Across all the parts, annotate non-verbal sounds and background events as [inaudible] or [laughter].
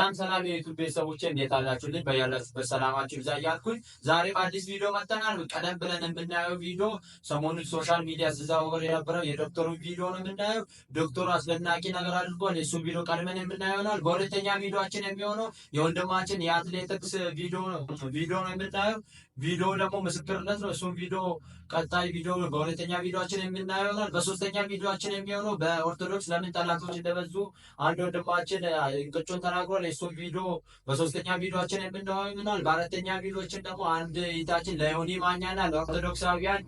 ሰላም ሰላም የዩቱብ ቤተሰቦች እንዴት አላችሁልኝ? በያላችሁበት ሰላማችሁ ይብዛ እያልኩኝ ዛሬ በአዲስ ቪዲዮ መጥተናል። ቀደም ብለን የምናየው ቪዲዮ ሰሞኑን ሶሻል ሚዲያ ሲዘዋወር የነበረው የዶክተሩ ቪዲዮ ነው የምናየው። ዶክተሩ አስደናቂ ነገር አድርጓል። የእሱን ቪዲዮ ቀድመን የምናየው ይሆናል። በሁለተኛ ቪዲዮችን የሚሆነው የወንድማችን የአትሌቲክስ ቪዲዮ ነው ቪዲዮ ነው የምናየው። ቪዲዮ ደግሞ ምስክርነት ነው። እሱም ቪዲዮ ቀጣይ ቪዲዮ በሁለተኛ ቪዲዮችን የምናየው ይሆናል። በሶስተኛ ቪዲዮችን የሚሆነው በኦርቶዶክስ ለምን ጠላቶች እንደበዙ አንድ ወንድማችን እንቅጩን ተናግሯል። እሱም ቪዲዮ በሶስተኛ ቪዲዮችን የምናየው ይሆናል። በአራተኛ ቪዲዮችን ደግሞ አንድ ይታችን ለዮኒ ማኛና ለኦርቶዶክሳውያን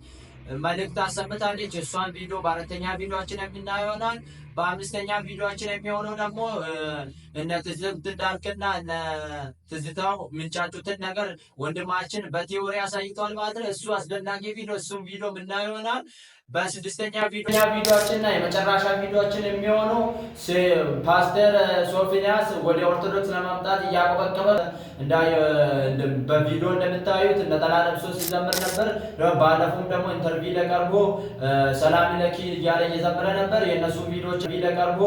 መልእክት አሰምታለች። እሷን ቪዲዮ በአራተኛ ቪዲዮችን የምናየው ይሆናል። በአምስተኛ ቪዲዮችን የሚሆነው ደግሞ እነ ትዝብት እንዳልክና እነ ትዝታው ምንጫጩትን ነገር ወንድማችን በቴዎሪ አሳይቷል ማለት ነው። እሱ አስደናቂ ቪዲዮ እሱም ቪዲዮ ምና ይሆናል። በስድስተኛ ቪዲዮ ቪዲዮችንና የመጨረሻ ቪዲዮችን የሚሆኑ ፓስተር ሶፊንያስ ወደ ኦርቶዶክስ ለማምጣት እያቆበቀበ በቪዲዮ እንደምታዩት ነጠላ ለብሶ ሲዘምር ነበር። ባለፉም ደግሞ ኢንተርቪው ለቀርቦ ሰላም ለኪ እያለ እየዘምረ ነበር። የእነሱ ቪዲዮች ቪዲዮ ቀርቦ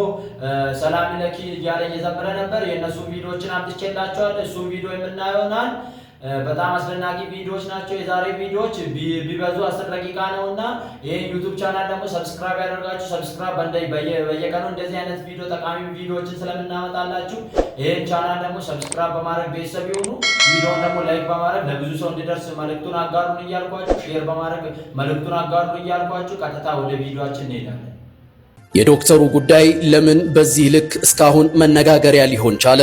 ሰላም ለኪ እያለ እየዘመረ ነበር። የእነሱን ቪዲዮዎችን አምጥቼላቸዋል። እሱን ቪዲዮ የምናየሆናል። በጣም አስደናቂ ቪዲዮዎች ናቸው። የዛሬ ቪዲዮዎች ቢበዙ አስር ደቂቃ ነው እና ይህን ዩቱብ ቻናል ደግሞ ሰብስክራይብ ያደርጋችሁ ሰብስክራይብ በየቀኑ እንደዚህ አይነት ቪዲዮ ጠቃሚ ቪዲዮዎችን ስለምናመጣላችሁ ይህን ቻናል ደግሞ ሰብስክራይብ በማድረግ ቤተሰብ ይሁኑ። ቪዲዮውን ደግሞ ላይክ በማድረግ ለብዙ ሰው እንዲደርስ መልእክቱን አጋሩን እያልኳችሁ ሼር በማድረግ መልእክቱን አጋሩን እያልኳችሁ ቀጥታ ወደ ቪዲዮችን እንሄዳለን። የዶክተሩ ጉዳይ ለምን በዚህ ልክ እስካሁን መነጋገሪያ ሊሆን ቻለ?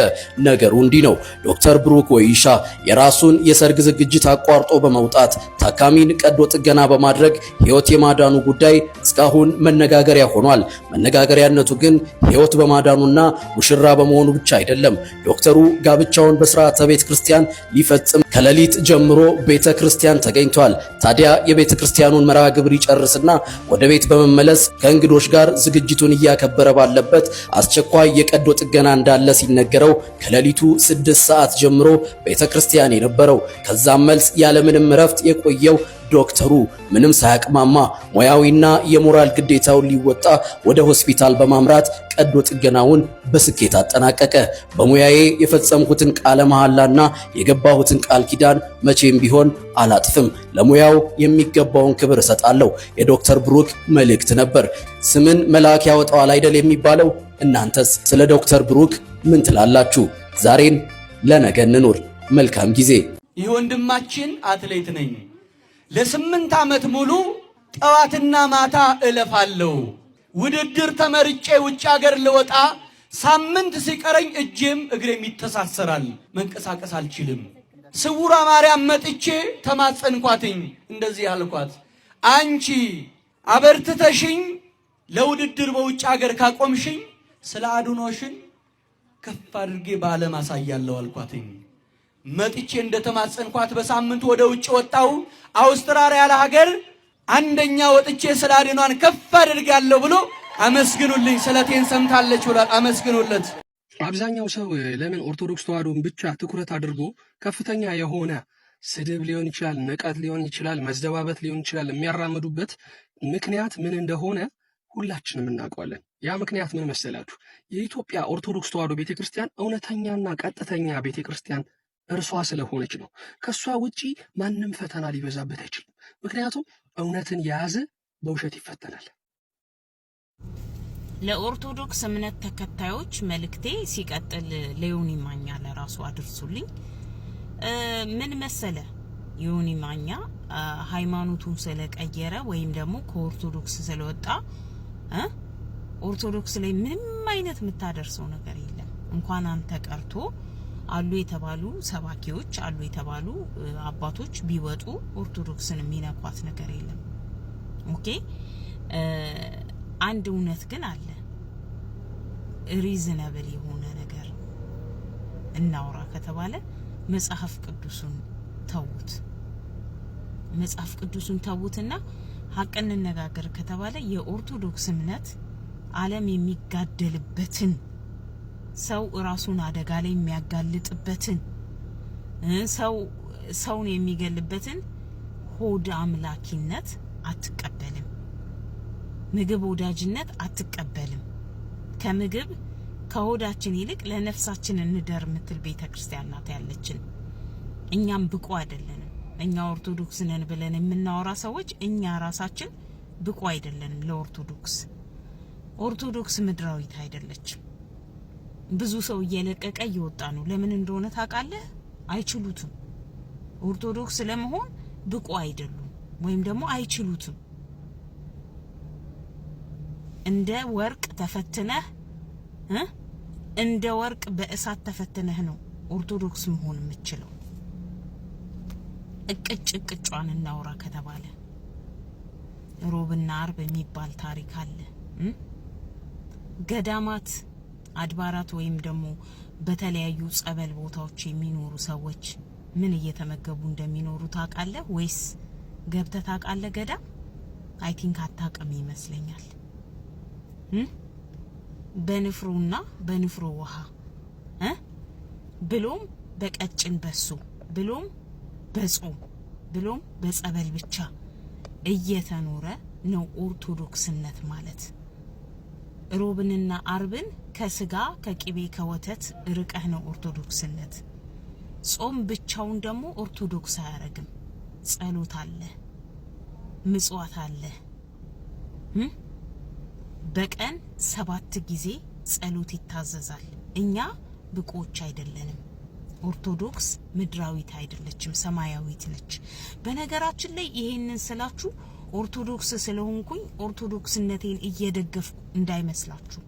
ነገሩ እንዲህ ነው። ዶክተር ብሩክ ወይሻ የራሱን የሰርግ ዝግጅት አቋርጦ በመውጣት ታካሚን ቀዶ ጥገና በማድረግ ሕይወት የማዳኑ ጉዳይ እስካሁን መነጋገሪያ ሆኗል። መነጋገሪያነቱ ግን ሕይወት በማዳኑና ሙሽራ በመሆኑ ብቻ አይደለም። ዶክተሩ ጋብቻውን በስርዓተ ቤተ ክርስቲያን ሊፈጽም ከሌሊት ጀምሮ ቤተ ክርስቲያን ተገኝቷል። ታዲያ የቤተ ክርስቲያኑን መርሃ ግብር ይጨርስና ወደ ቤት በመመለስ ከእንግዶች ጋር ዝግጅቱን እያከበረ ባለበት አስቸኳይ የቀዶ ጥገና እንዳለ ሲነገረው ከሌሊቱ ስድስት ሰዓት ጀምሮ ቤተ ክርስቲያን የነበረው ከዛም መልስ ያለምንም እረፍት የቆየው ዶክተሩ ምንም ሳያቅማማ ሙያዊና የሞራል ግዴታውን ሊወጣ ወደ ሆስፒታል በማምራት ቀዶ ጥገናውን በስኬት አጠናቀቀ። በሙያዬ የፈጸምኩትን ቃለ መሐላና የገባሁትን ቃል ኪዳን መቼም ቢሆን አላጥፍም። ለሙያው የሚገባውን ክብር እሰጣለሁ። የዶክተር ብሩክ መልእክት ነበር። ስምን መልአክ ያወጣዋል አይደል የሚባለው? እናንተስ ስለ ዶክተር ብሩክ ምን ትላላችሁ? ዛሬን ለነገ እንኑር። መልካም ጊዜ። ይህ ወንድማችን አትሌት ነኝ ለስምንት ዓመት ሙሉ ጠዋትና ማታ እለፋለሁ። ውድድር ተመርጬ ውጭ አገር ልወጣ ሳምንት ሲቀረኝ እጄም እግሬም ይተሳሰራል፣ መንቀሳቀስ አልችልም። ስውሯ ማርያም መጥቼ ተማጸንኳትኝ፣ እንደዚህ አልኳት፣ አንቺ አበርትተሽኝ ለውድድር በውጭ አገር ካቆምሽኝ ስለ አድኖሽን ከፍ አድርጌ በዓለም አሳያለሁ አልኳትኝ። መጥቼ እንደተማጸንኳት በሳምንቱ ወደ ውጭ ወጣው። አውስትራሊያ ለሀገር ሀገር አንደኛ ወጥቼ ስለ አድኗን ከፍ አድርጋለሁ ብሎ አመስግኑልኝ። ስለቴን ሰምታለች ብሏል። አመስግኑለት። አብዛኛው ሰው ለምን ኦርቶዶክስ ተዋሕዶን ብቻ ትኩረት አድርጎ ከፍተኛ የሆነ ስድብ ሊሆን ይችላል፣ ንቀት ሊሆን ይችላል፣ መዘባበት ሊሆን ይችላል። የሚያራምዱበት ምክንያት ምን እንደሆነ ሁላችንም እናውቀዋለን። ያ ምክንያት ምን መሰላችሁ? የኢትዮጵያ ኦርቶዶክስ ተዋዶ ቤተክርስቲያን እውነተኛና ቀጥተኛ ቤተክርስቲያን እርሷ ስለሆነች ነው። ከእሷ ውጪ ማንም ፈተና ሊበዛበት አይችልም። ምክንያቱም እውነትን የያዘ በውሸት ይፈተናል። ለኦርቶዶክስ እምነት ተከታዮች መልእክቴ ሲቀጥል ለዮኒ ማኛ ለራሱ አድርሱልኝ። ምን መሰለ ዮኒ ማኛ ሃይማኖቱን ስለቀየረ ወይም ደግሞ ከኦርቶዶክስ ስለወጣ ኦርቶዶክስ ላይ ምንም አይነት የምታደርሰው ነገር የለም። እንኳን አንተ ቀርቶ አሉ የተባሉ ሰባኪዎች አሉ የተባሉ አባቶች ቢወጡ ኦርቶዶክስን የሚነኳት ነገር የለም። ኦኬ አንድ እውነት ግን አለ። ሪዝነብል የሆነ ነገር እናውራ ከተባለ መጽሐፍ ቅዱሱን ተዉት፣ መጽሐፍ ቅዱሱን ተዉትና ሀቅ እንነጋገር ከተባለ የኦርቶዶክስ እምነት ዓለም የሚጋደልበትን ሰው ራሱን አደጋ ላይ የሚያጋልጥበትን ሰው ሰውን የሚገልበትን ሆድ አምላኪነት አትቀበልም። ምግብ ወዳጅነት አትቀበልም። ከምግብ ከሆዳችን ይልቅ ለነፍሳችን እንደር ምትል ቤተ ክርስቲያን ናት ያለችን። እኛም ብቁ አይደለንም። እኛ ኦርቶዶክስ ነን ብለን የምናወራ ሰዎች እኛ ራሳችን ብቁ አይደለንም ለኦርቶዶክስ። ኦርቶዶክስ ምድራዊት አይደለችም። ብዙ ሰው እየለቀቀ እየወጣ ነው። ለምን እንደሆነ ታውቃለህ? አይችሉትም። ኦርቶዶክስ ለመሆን ብቁ አይደሉም፣ ወይም ደግሞ አይችሉትም። እንደ ወርቅ ተፈትነህ እንደ ወርቅ በእሳት ተፈትነህ ነው ኦርቶዶክስ መሆን የምችለው። እቅጭ እቅጯን እናውራ ከተባለ ሮብና አርብ የሚባል ታሪክ አለ። ገዳማት አድባራት ወይም ደግሞ በተለያዩ ጸበል ቦታዎች የሚኖሩ ሰዎች ምን እየተመገቡ እንደሚኖሩ ታውቃለህ ወይስ ገብተ ታውቃለህ? ገዳም አይ ቲንክ አታውቅም ይመስለኛል። በንፍሮና በንፍሮ ውሃ ብሎም በቀጭን በሶ ብሎም በጾም ብሎም በጸበል ብቻ እየተኖረ ነው ኦርቶዶክስነት ማለት። ሮብንና አርብን ከስጋ ከቅቤ ከወተት ርቀህ ነው ኦርቶዶክስነት። ጾም ብቻውን ደግሞ ኦርቶዶክስ አያረግም። ጸሎት አለ፣ ምጽዋት አለ። በቀን ሰባት ጊዜ ጸሎት ይታዘዛል። እኛ ብቁዎች አይደለንም። ኦርቶዶክስ ምድራዊት አይደለችም፣ ሰማያዊት ነች። በነገራችን ላይ ይሄንን ስላችሁ ኦርቶዶክስ ስለሆንኩኝ ኦርቶዶክስነቴን እየደገፍኩ እንዳይመስላችሁ።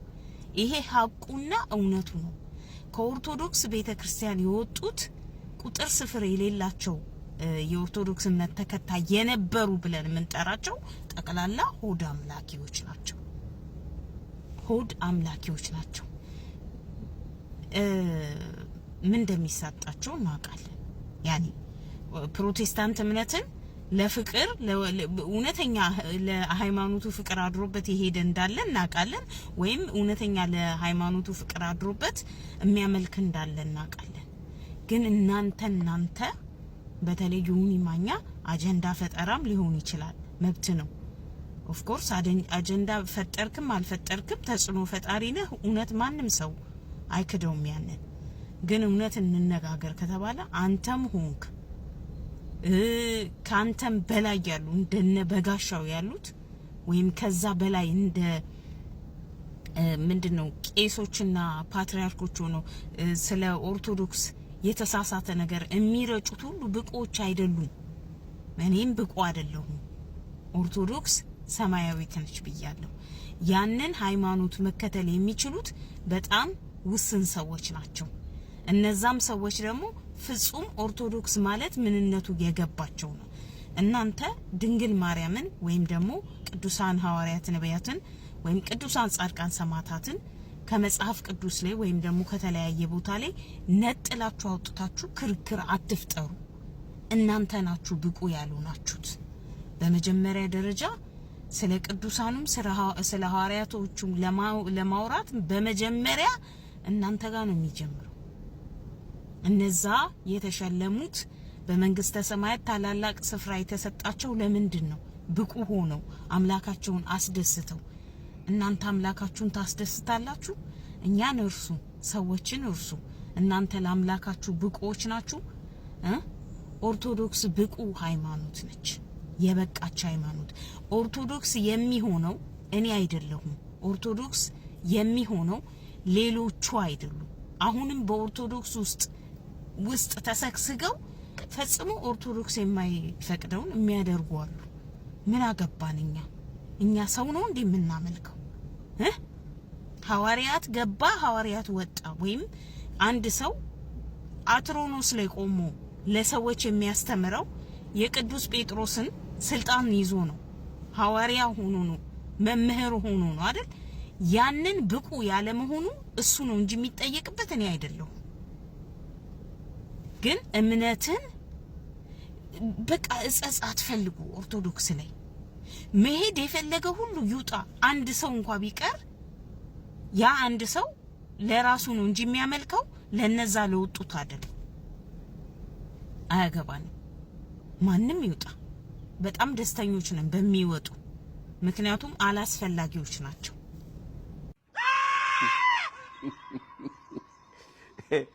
ይሄ ሀቁና እውነቱ ነው። ከኦርቶዶክስ ቤተ ክርስቲያን የወጡት ቁጥር ስፍር የሌላቸው የኦርቶዶክስ እምነት ተከታይ የነበሩ ብለን የምንጠራቸው ጠቅላላ ሆድ አምላኪዎች ናቸው። ሆድ አምላኪዎች ናቸው። ምን እንደሚሳጣቸው እናውቃለን። ያኔ ፕሮቴስታንት እምነትን ለፍቅር እውነተኛ ለሃይማኖቱ ፍቅር አድሮበት የሄደ እንዳለ እናውቃለን። ወይም እውነተኛ ለሃይማኖቱ ፍቅር አድሮበት የሚያመልክ እንዳለ እናውቃለን። ግን እናንተ እናንተ በተለይ ዮኒ ማኛ አጀንዳ ፈጠራም ሊሆን ይችላል፣ መብት ነው። ኦፍኮርስ አጀንዳ ፈጠርክም አልፈጠርክም ተጽዕኖ ፈጣሪ ነህ። እውነት ማንም ሰው አይክደውም ያንን። ግን እውነት እንነጋገር ከተባለ አንተም ሆንክ ከአንተም በላይ ያሉ እንደነ በጋሻው ያሉት ወይም ከዛ በላይ እንደ ምንድን ነው ቄሶችና ፓትሪያርኮች ሆኖ ስለ ኦርቶዶክስ የተሳሳተ ነገር የሚረጩት ሁሉ ብቁዎች አይደሉም። እኔም ብቁ አይደለሁም። ኦርቶዶክስ ሰማያዊት ነች ብያለሁ። ያንን ሃይማኖት መከተል የሚችሉት በጣም ውስን ሰዎች ናቸው። እነዛም ሰዎች ደግሞ ፍጹም ኦርቶዶክስ ማለት ምንነቱ የገባቸው ነው። እናንተ ድንግል ማርያምን ወይም ደግሞ ቅዱሳን ሐዋርያት ነቢያትን ወይም ቅዱሳን ጻድቃን ሰማዕታትን ከመጽሐፍ ቅዱስ ላይ ወይም ደግሞ ከተለያየ ቦታ ላይ ነጥላችሁ አውጥታችሁ ክርክር አትፍጠሩ። እናንተ ናችሁ ብቁ ያሉ ናችሁት። በመጀመሪያ ደረጃ ስለ ቅዱሳኑም ስለ ሐዋርያቶቹም ለማውራት በመጀመሪያ እናንተ ጋር ነው የሚጀምረው። እነዛ የተሸለሙት በመንግስተ ሰማያት ታላላቅ ስፍራ የተሰጣቸው ለምንድን ነው? ብቁ ሆነው አምላካቸውን አስደስተው። እናንተ አምላካችሁን ታስደስታላችሁ? እኛን እርሱ፣ ሰዎችን እርሱ። እናንተ ለአምላካችሁ ብቁዎች ናችሁ። ኦርቶዶክስ ብቁ ሃይማኖት ነች፣ የበቃች ሃይማኖት። ኦርቶዶክስ የሚሆነው እኔ አይደለሁም። ኦርቶዶክስ የሚሆነው ሌሎቹ አይደሉም። አሁንም በኦርቶዶክስ ውስጥ ውስጥ ተሰግስገው ፈጽሞ ኦርቶዶክስ የማይፈቅደውን የሚያደርጉ አሉ። ምን አገባን እኛ እኛ ሰው ነው እንዴ የምናመልከው? ሐዋርያት ገባ ሐዋርያት ወጣ ወይም አንድ ሰው አትሮኖስ ላይ ቆሞ ለሰዎች የሚያስተምረው የቅዱስ ጴጥሮስን ስልጣን ይዞ ነው። ሐዋርያ ሆኖ ነው፣ መምህር ሆኖ ነው አይደል? ያንን ብቁ ያለመሆኑ እሱ ነው እንጂ የሚጠየቅበት እኔ አይደለሁም። ግን እምነትን በቃ እጸጽ አትፈልጉ። ኦርቶዶክስ ላይ መሄድ የፈለገ ሁሉ ይውጣ። አንድ ሰው እንኳ ቢቀር ያ አንድ ሰው ለራሱ ነው እንጂ የሚያመልከው ለነዛ ለወጡት አይደለም። አያገባንም። ማንም ይውጣ። በጣም ደስተኞች ነን በሚወጡ፣ ምክንያቱም አላስፈላጊዎች ናቸው። [laughs]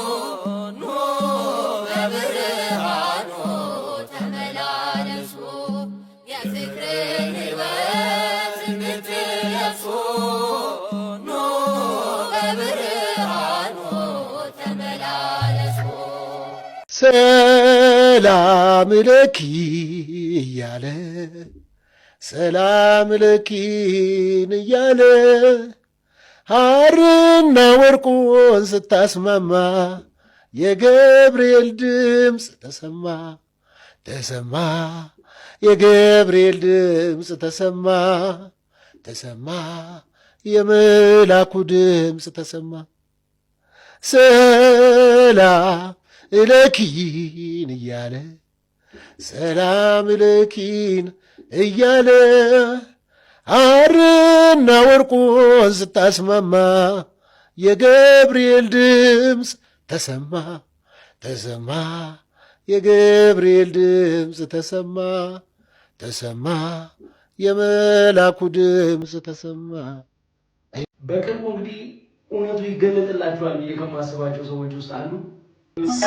ሰላም ለኪ እያለ ሰላም ለኪን እያለ ሐርና ወርቁን ስታስማማ የገብርኤል ድምፅ ተሰማ ተሰማ የገብርኤል ድምፅ ተሰማ ተሰማ የመላኩ ድምፅ ተሰማ ሰላም እለኪን እያለ ሰላም እለኪን እያለ አርና ወርቁን ስታስማማ የገብርኤል ድምፅ ተሰማ ተሰማ የገብርኤል ድምፅ ተሰማ ተሰማ የመላኩ ድምፅ ተሰማ። በቅርቡ እንግዲህ እውነቱ ይገለጥላቸዋል። ከማስባቸው ሰዎች ውስጥ አንዱ This is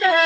love.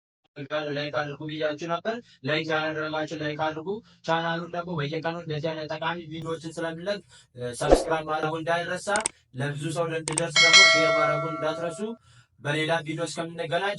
ላይክ አድርጉ ብያችሁ ነበር። ላይክ ያላደረጋችሁ ላይክ አድርጉ። ቻናሉን ደግሞ በየቀኑ እንደዚህ አይነት ጠቃሚ ቪዲዮዎችን ሰብስክራይብ ማድረጉ እንዳይረሳ፣ ለብዙ ሰው ደግሞ ሼር ማድረጉ እንዳትረሱ። በሌላ ቪዲዮ እስከምንገናኝ